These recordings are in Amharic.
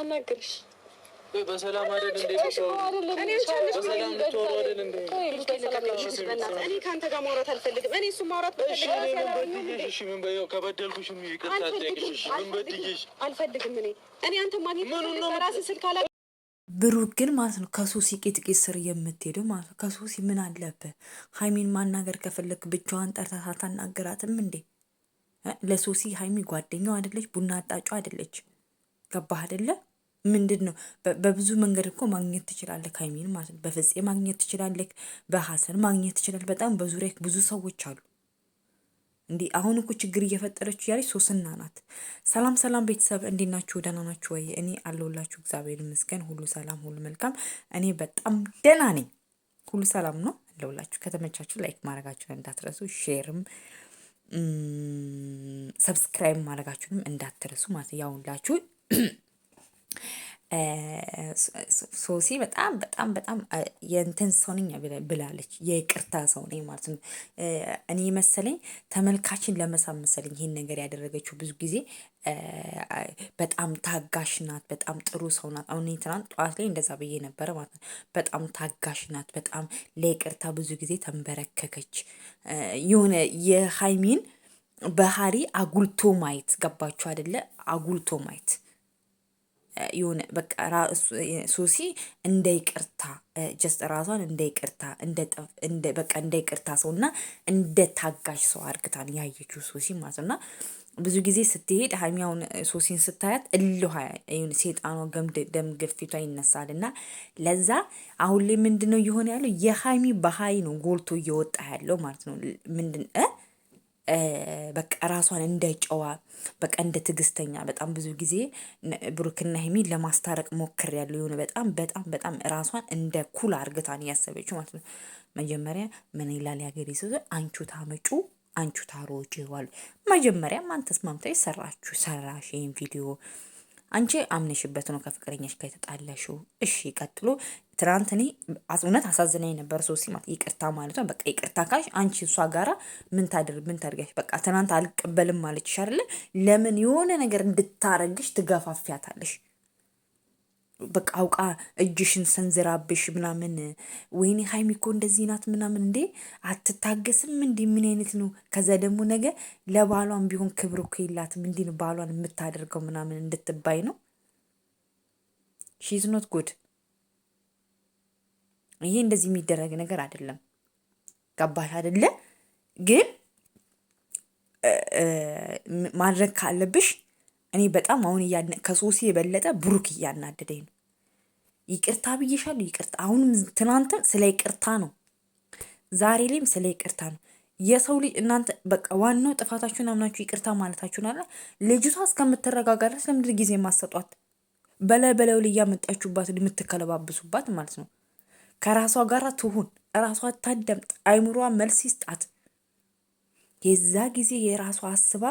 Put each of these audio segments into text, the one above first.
አናግርሽ ጨርሱ፣ አናግርሽ ማውራት አልፈልግም። ብሩክ ግን ማለት ነው ከሱሲ ቂጥቂጥ ስር የምትሄደው ማለት ነው። ከሱሲ ምን አለብህ? ሀይሚን ማናገር ከፈለግ ብቻዋን ጠርታታ ታናገራትም እንዴ? ለሶሲ ሀይሚ ጓደኛው አይደለች፣ ቡና አጣጩ አይደለች። ገባህ አይደለ? ምንድን ነው በብዙ መንገድ እኮ ማግኘት ትችላለህ ከሚል ማለት ነው። በፍፄ ማግኘት ትችላለህ በሀሰን ማግኘት ትችላለህ በጣም በዙሪያ ብዙ ሰዎች አሉ። እንዲህ አሁን እኮ ችግር እየፈጠረች ያለች ሶስና ናት። ሰላም ሰላም ቤተሰብ እንዴት ናችሁ? ደህና ናችሁ ወይ? እኔ አለሁላችሁ እግዚአብሔር ይመስገን ሁሉ ሰላም ሁሉ መልካም። እኔ በጣም ደህና ነኝ። ሁሉ ሰላም ነው አለሁላችሁ። ከተመቻችሁ ላይክ ማድረጋችሁን እንዳትረሱ፣ ሼርም ሰብስክራይብ ማድረጋችሁንም እንዳትረሱ ማለት ያውላችሁ ሶሲ በጣም በጣም በጣም የእንትን ሰው ነኝ ብላለች። የይቅርታ ሰው ነኝ ማለት ነው። እኔ መሰለኝ ተመልካችን ለመሳብ መሰለኝ ይሄን ነገር ያደረገችው። ብዙ ጊዜ በጣም ታጋሽ ናት፣ በጣም ጥሩ ሰው ናት። አሁን ትናንት ጠዋት ላይ እንደዛ ብዬ ነበረ ማለት ነው። በጣም ታጋሽ ናት፣ በጣም ለይቅርታ ብዙ ጊዜ ተንበረከከች። የሆነ የሀይሚን ባህሪ አጉልቶ ማየት ገባችሁ አይደለ? አጉልቶ ማየት የሆነ በቃ ሶሲ እንደ ይቅርታ ጀስት ራሷን እንደ ይቅርታ በቃ እንደ ይቅርታ ሰው እና እንደ ታጋሽ ሰው አድርግታን ያየችው ሶሲ ማለት ነው። እና ብዙ ጊዜ ስትሄድ ሀይሚያውን ሶሲን ስታያት እልኋ ሴጣኗ ደም ግፊቷ ይነሳል። እና ለዛ አሁን ላይ ምንድን ነው እየሆነ ያለው? የሀይሚ ባህሪ ነው ጎልቶ እየወጣ ያለው ማለት ነው ምንድን በቃ ራሷን እንደ ጨዋ በቃ እንደ ትግስተኛ በጣም ብዙ ጊዜ ብሩክና ሄሚ ለማስታረቅ ሞክር ያለ የሆነ በጣም በጣም በጣም ራሷን እንደ ኩል አርግታን ያሰበችው ማለት ነው። መጀመሪያ ምን ይላል ያገሬ ሰው አንቹ ታመጩ አንቹ ታሮጭ ይዋሉ መጀመሪያ ማን ተስማምታ ሰራችሁ ሰራሽ ይህን ቪዲዮ አንቺ አምነሽበት ነው ከፍቅረኛሽ ጋር የተጣላሽው። እሺ ቀጥሎ ትናንት እኔ እውነት አሳዝናኝ ነበር ሶሲ ማለት ይቅርታ ማለት ነው። በቃ ይቅርታ ካልሽ አንቺ እሷ ጋራ ምን ታደርግ ምን ታደርጋሽ? በቃ ትናንት አልቀበልም ማለችሽ አይደለ? ለምን የሆነ ነገር እንድታረግሽ ትገፋፊያታለሽ? በቃ አውቃ እጅሽን ሰንዝራብሽ ምናምን፣ ወይኔ ሀይሚ እኮ እንደዚህ ናት ምናምን፣ እንዴ አትታገስም እንዲ ምን አይነት ነው? ከዛ ደግሞ ነገ ለባሏን ቢሆን ክብር እኮ የላትም እንዲ ነው ባሏን የምታደርገው ምናምን እንድትባይ ነው። ሺዝ ኖት ጉድ። ይሄ እንደዚህ የሚደረግ ነገር አይደለም። ገባሽ አይደለ? ግን ማድረግ ካለብሽ እኔ በጣም አሁን እያነ ከሶሲ የበለጠ ብሩክ እያናደደኝ ነው። ይቅርታ ብዬሻለሁ፣ ይቅርታ አሁንም፣ ትናንትም ስለ ይቅርታ ነው፣ ዛሬ ላይም ስለ ይቅርታ ነው። የሰው ልጅ እናንተ በቃ ዋናው ጥፋታችሁን አምናችሁ ይቅርታ ማለታችሁን አለ። ልጅቷ እስከምትረጋጋ ድረስ ለምድር ጊዜ ማሰጧት በላይ በላዩ ላይ እያመጣችሁባት የምትከለባብሱባት ማለት ነው። ከራሷ ጋር ትሁን፣ ራሷ ታደምጥ፣ አይምሯ መልስ ይስጣት። የዛ ጊዜ የራሷ አስባ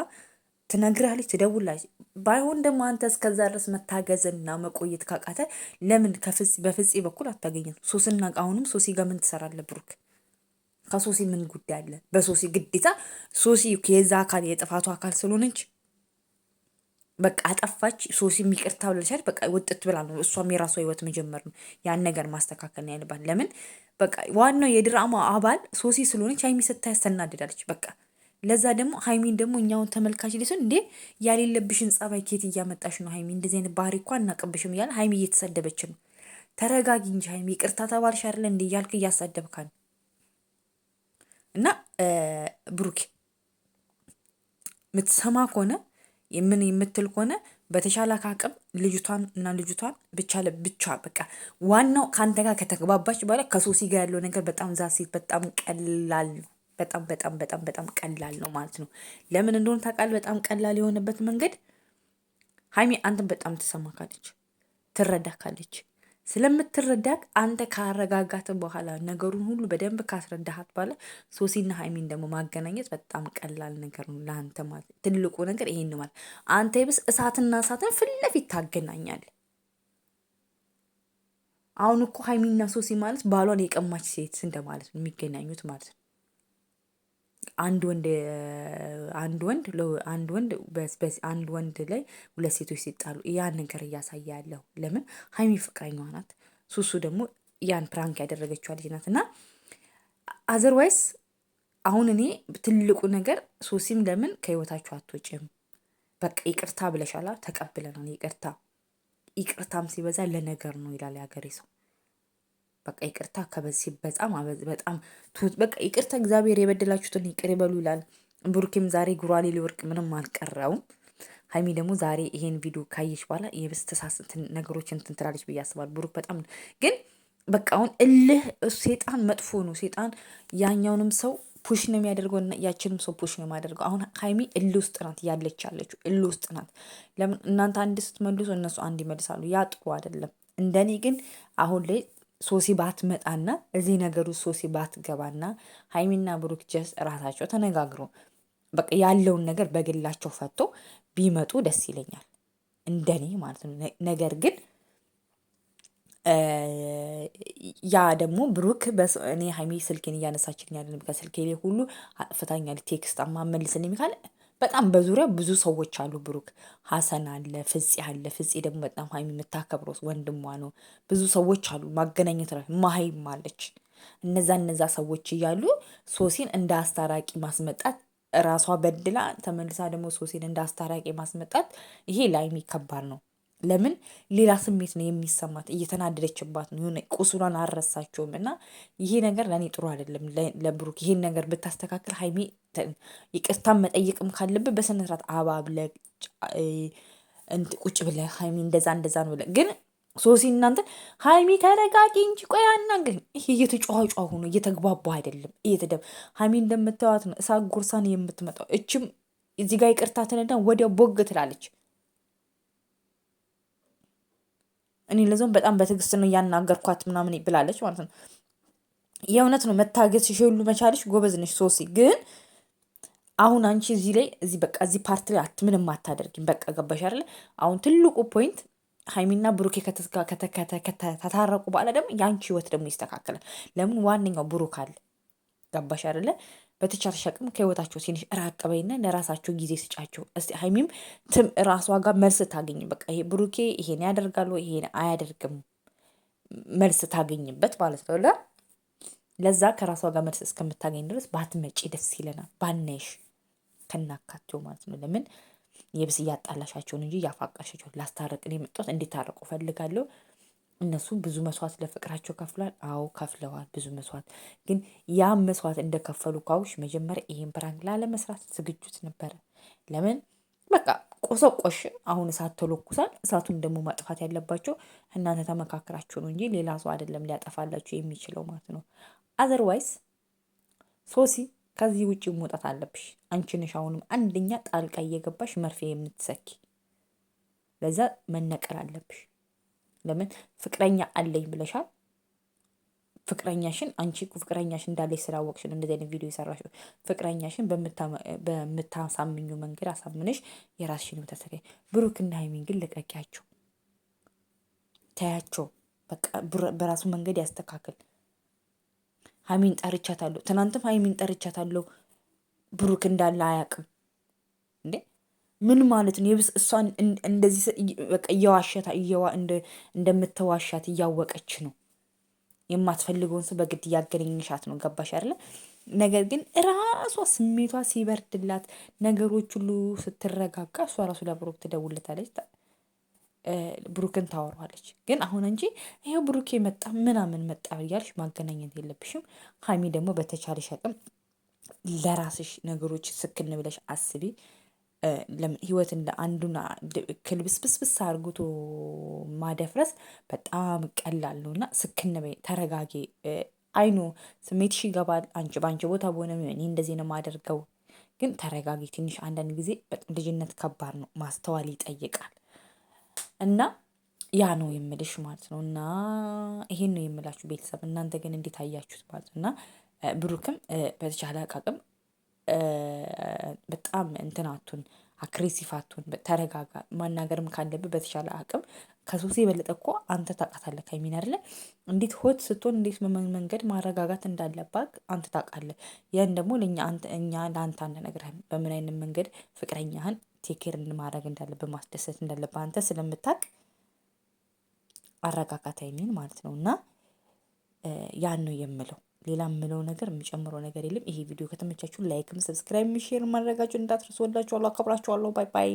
ትነግራለች፣ ትደውላለች። ባይሆን ደግሞ አንተ እስከዛ ድረስ መታገዝና መቆየት ካቃተ ለምን በፍፄ በኩል አታገኘም? ሶስና አሁንም ሶሲ ጋር ምን ትሰራለህ ብሩክ? ከሶሲ ምን ጉዳይ አለ? በሶሲ ግዴታ ሶሲ የዛ አካል የጥፋቱ አካል ስለሆነች በቃ አጠፋች። ሶሲ ይቅርታ ብለሻል፣ በቃ ወጥት ብላ ነው እሷም የራሷ ህይወት መጀመር ነው። ያን ነገር ማስተካከል ነው ያለባት። ለምን በቃ ዋናው የድራማ አባል ሶሲ ስለሆነች ሀይሚ ስታይ ተናድዳለች። በቃ ለዛ ደግሞ ሀይሚን ደግሞ እኛውን ተመልካች ሊሆን እንዴ ያሌለብሽን ጸባይ ኬት እያመጣሽ ነው ሀይሚ እንደዚህ አይነት ባህሪ እኳ አናቅብሽም እያለ ሀይሚ እየተሰደበች ነው። ተረጋጊ እንጂ ሀይሚ ይቅርታ ተባልሽ አይደለ እንዴ እያልክ እያሳደብካል። እና ብሩኬ የምትሰማ ከሆነ የምን የምትል ከሆነ በተሻለ አቅም ልጅቷን እና ልጅቷን ብቻ ለብቻ በቃ ዋናው ከአንተ ጋር ከተግባባች በኋላ ከሶሲ ጋር ያለው ነገር በጣም ዛሴት በጣም ቀላል ነው። በጣም በጣም በጣም በጣም ቀላል ነው ማለት ነው። ለምን እንደሆነ ታውቃለህ? በጣም ቀላል የሆነበት መንገድ ሀይሚ አንተን በጣም ትሰማካለች፣ ትረዳካለች። ስለምትረዳክ አንተ ካረጋጋት በኋላ ነገሩን ሁሉ በደንብ ካስረዳሃት በኋላ ሶሲና ሀይሚን ደግሞ ማገናኘት በጣም ቀላል ነገር ነው ለአንተ ማለት ትልቁ ነገር ይሄን ማለት አንተ ይብስ እሳትና እሳትን ፊት ለፊት ታገናኛለህ። አሁን እኮ ሀይሚና ሶሲ ማለት ባሏን የቀማች ሴት እንደማለት ነው የሚገናኙት ማለት ነው። አንድ ወንድ አንድ ወንድ አንድ ወንድ አንድ ወንድ ላይ ሁለት ሴቶች ሲጣሉ ያን ነገር እያሳየ ያለው ለምን ሀይሚ ፍቅረኛዋ ናት፣ ሱሱ ደግሞ ያን ፕራንክ ያደረገችዋ ልጅ ናት። እና አዘርዋይስ አሁን እኔ ትልቁ ነገር ሶሲም ለምን ከህይወታችሁ አትወጭም? በቃ ይቅርታ ብለሻላ፣ ተቀብለናል። ይቅርታ ይቅርታም ሲበዛ ለነገር ነው ይላል የሀገሬ ሰው። በቃ ይቅርታ ከበዚህ በጣም በጣም በቃ ይቅርታ፣ እግዚአብሔር የበደላችሁትን ይቅር ይበሉ ይላል። ብሩኬም ዛሬ ጉራሌ ሊወርቅ ምንም አልቀረውም። ሀይሚ ደግሞ ዛሬ ይሄን ቪዲዮ ካየች በኋላ የበስተሳስት ነገሮች እንትን ትላለች ብዬ አስባለሁ። ብሩክ በጣም ግን በቃ አሁን እልህ ሴጣን መጥፎ ነው። ሴጣን ያኛውንም ሰው ፑሽ ነው የሚያደርገው፣ ያችንም ሰው ፑሽ ነው የሚያደርገው። አሁን ሀይሚ እልህ ውስጥ ናት ያለች ያለችው እልህ ውስጥ ናት። ለምን እናንተ አንድ ስትመልሱ እነሱ አንድ ይመልሳሉ። ያ ጥሩ አይደለም። እንደኔ ግን አሁን ላይ ሶሲ ባትመጣና እዚህ ነገሩ ሶሲ ባትገባና ሀይሚና ብሩክ ጀስ እራሳቸው ተነጋግሮ በቃ ያለውን ነገር በግላቸው ፈቶ ቢመጡ ደስ ይለኛል፣ እንደኔ ማለት ነው። ነገር ግን ያ ደግሞ ብሩክ እኔ ሀይሚ ስልኬን እያነሳችልኝ ያለን በቃ ስልኬ ሁሉ አጥፍታኛል ቴክስት አማመልስልኝ ካለ በጣም በዙሪያ ብዙ ሰዎች አሉ ብሩክ ሀሰን አለ ፍጽ አለ ፍጽ ደግሞ በጣም ሀይሚ የምታከብረው ወንድሟ ነው። ብዙ ሰዎች አሉ ማገናኘት ነው ማሀይም አለች። እነዛ እነዛ ሰዎች እያሉ ሶሲን እንደ አስታራቂ ማስመጣት ራሷ በድላ ተመልሳ ደግሞ ሶሲን እንደ አስታራቂ ማስመጣት ይሄ ላይሚ ከባድ ነው። ለምን ሌላ ስሜት ነው የሚሰማት፣ እየተናደደችባት ነው። የሆነ ቁስሏን አልረሳችውም እና ይሄ ነገር ለእኔ ጥሩ አይደለም። ለብሩክ ይሄን ነገር ብታስተካክል፣ ሀይሚ ይቅርታን መጠየቅም ካለብህ በስነ ስርዓት አባብለህ ቁጭ ብለ ሀይሚ እንደዛ እንደዛ ነው ብለ ግን ሶሲ እናንተ ሀይሚ ተረጋጊ እንጂ ቆይ አናግኝ። ይሄ እየተጫዋጫ ሆኖ እየተግባቡ አይደለም። እየተደብ ሀይሚ እንደምታዩት ነው እሳት ጎርሳን የምትመጣው እችም እዚህ ጋር ይቅርታ ትነዳ ወዲያው ቦግ ትላለች። እኔ ለዞም በጣም በትዕግስት ነው እያናገርኳት ምናምን ብላለች ማለት ነው። የእውነት ነው መታገስሽ ሁሉ መቻልሽ ጎበዝ ነሽ ሶሲ። ግን አሁን አንቺ እዚህ ላይ እዚህ በቃ እዚህ ፓርት ላይ ምንም አታደርጊም። በቃ ገባሽ አይደለ? አሁን ትልቁ ፖይንት ሀይሚና ብሩኬ ከተታረቁ በኋላ ደግሞ የአንቺ ህይወት ደግሞ ይስተካከላል። ለምን ዋነኛው ብሩክ አለ። ገባሽ አይደለ? በተቻለሽ አቅም ከህይወታቸው ሲንሽ ራቅ በይና ለራሳቸው ጊዜ ስጫቸው። እስቲ ሀይሚም ትም ራሷ ጋር መልስ ታገኝ። በቃ ይሄ ብሩኬ ይሄን ያደርጋሉ ይሄን አያደርግም መልስ ታገኝበት ማለት ነው። ለዛ ከራሷ ጋር መልስ እስከምታገኝ ድረስ ባትመጪ ደስ ይለናል። ባነሽ ከናካቸው ማለት ነው። ለምን የብስ እያጣላሻቸውን እንጂ እያፋቃሻቸውን ላስታረቅን ነው የመጣሁት። እንዲታረቁ ፈልጋለሁ። እነሱ ብዙ መስዋዕት ለፍቅራቸው ከፍሏል። አዎ ከፍለዋል፣ ብዙ መስዋዕት። ግን ያም መስዋዕት እንደከፈሉ ካውሽ መጀመሪያ ይሄን ፕራንክ ላለመስራት ዝግጁት ነበረ። ለምን በቃ ቆሰቆሽ። አሁን እሳት ተለኩሳል። እሳቱን ደግሞ ማጥፋት ያለባቸው እናንተ ተመካክራችሁ ነው እንጂ ሌላ ሰው አይደለም ሊያጠፋላችሁ የሚችለው ማለት ነው። አዘርዋይስ ሶሲ ከዚህ ውጭ መውጣት አለብሽ። አንቺ አሁንም አንደኛ ጣልቃ እየገባሽ መርፌ የምትሰኪ። ለዛ መነቀል አለብሽ። ለምን ፍቅረኛ አለኝ ብለሻል። ፍቅረኛሽን አንቺ ፍቅረኛሽ እንዳለሽ ስላወቅሽን እንደዚህ አይነት ቪዲዮ የሰራሽ ፍቅረኛሽን በምታሳምኙ መንገድ አሳምነሽ የራስሽን ተሰሪ። ብሩክና ሀይሚን ግን ልቀቂያቸው፣ ተያቸው። በራሱ መንገድ ያስተካክል። ሀይሚን ጠርቻታለሁ፣ ትናንትም ሀይሚን ጠርቻታለሁ። ብሩክ እንዳለ አያውቅም። ምን ማለት ነው? የብስ እሷን እንደዚህ በቃ እየዋሸታ እየዋ እንደምትዋሻት እያወቀች ነው የማትፈልገውን ሰው በግድ እያገናኘሻት ነው። ገባሽ አይደለ? ነገር ግን ራሷ ስሜቷ ሲበርድላት ነገሮች ሁሉ ስትረጋጋ እሷ ራሱ ለብሩክ ትደውልታለች፣ ብሩክን ታወራዋለች። ግን አሁን እንጂ ይሄው ብሩኬ መጣ ምናምን መጣ እያልሽ ማገናኘት የለብሽም። ሀሚ ደግሞ በተቻለሽ አቅም ለራስሽ ነገሮች ስክን ብለሽ አስቢ። ህይወትን አንዱን ክልብስብስብስ አርግቶ ማደፍረስ በጣም ቀላል ነው እና ስክንበይ ተረጋጊ። አይኖ ስሜትሽ ይገባል። አንቺ በአንቺ ቦታ በሆነ እኔ እንደዚህ ነው የማደርገው። ግን ተረጋጊ ትንሽ አንዳንድ ጊዜ ልጅነት ከባድ ነው፣ ማስተዋል ይጠይቃል። እና ያ ነው የምልሽ ማለት ነው። እና ይሄን ነው የምላችሁ ቤተሰብ። እናንተ ግን እንዴት አያችሁት ማለት ነው? እና ብሩክም በተቻለ አቃቅም በጣም እንትናቱን አትሁን ተረጋጋ። ማናገርም ካለብህ በተሻለ አቅም ከሶሲ የበለጠ እኮ አንተ ታውቃታለህ ሀይሚን አይደለ እንዴት ሆት ስትሆን እንዴት መንገድ ማረጋጋት እንዳለባት አንተ ታውቃለህ። ያን ደግሞ እኛ ለአንተ አንነግርህም በምን አይነት መንገድ ፍቅረኛህን ቴኬር እንማድረግ ማድረግ እንዳለብህ ማስደሰት እንዳለብህ አንተ ስለምታውቅ አረጋጋት ሀይሚን ማለት ነው። እና ያን ነው የምለው ሌላ የምለው ነገር የምጨምረው ነገር የለም። ይሄ ቪዲዮ ከተመቻችሁ ላይክም ሰብስክራይብም ሼር ማድረጋችሁን እንዳትረሱ። ወዳችኋለሁ፣ አከብራችኋለሁ። ባይ ባይ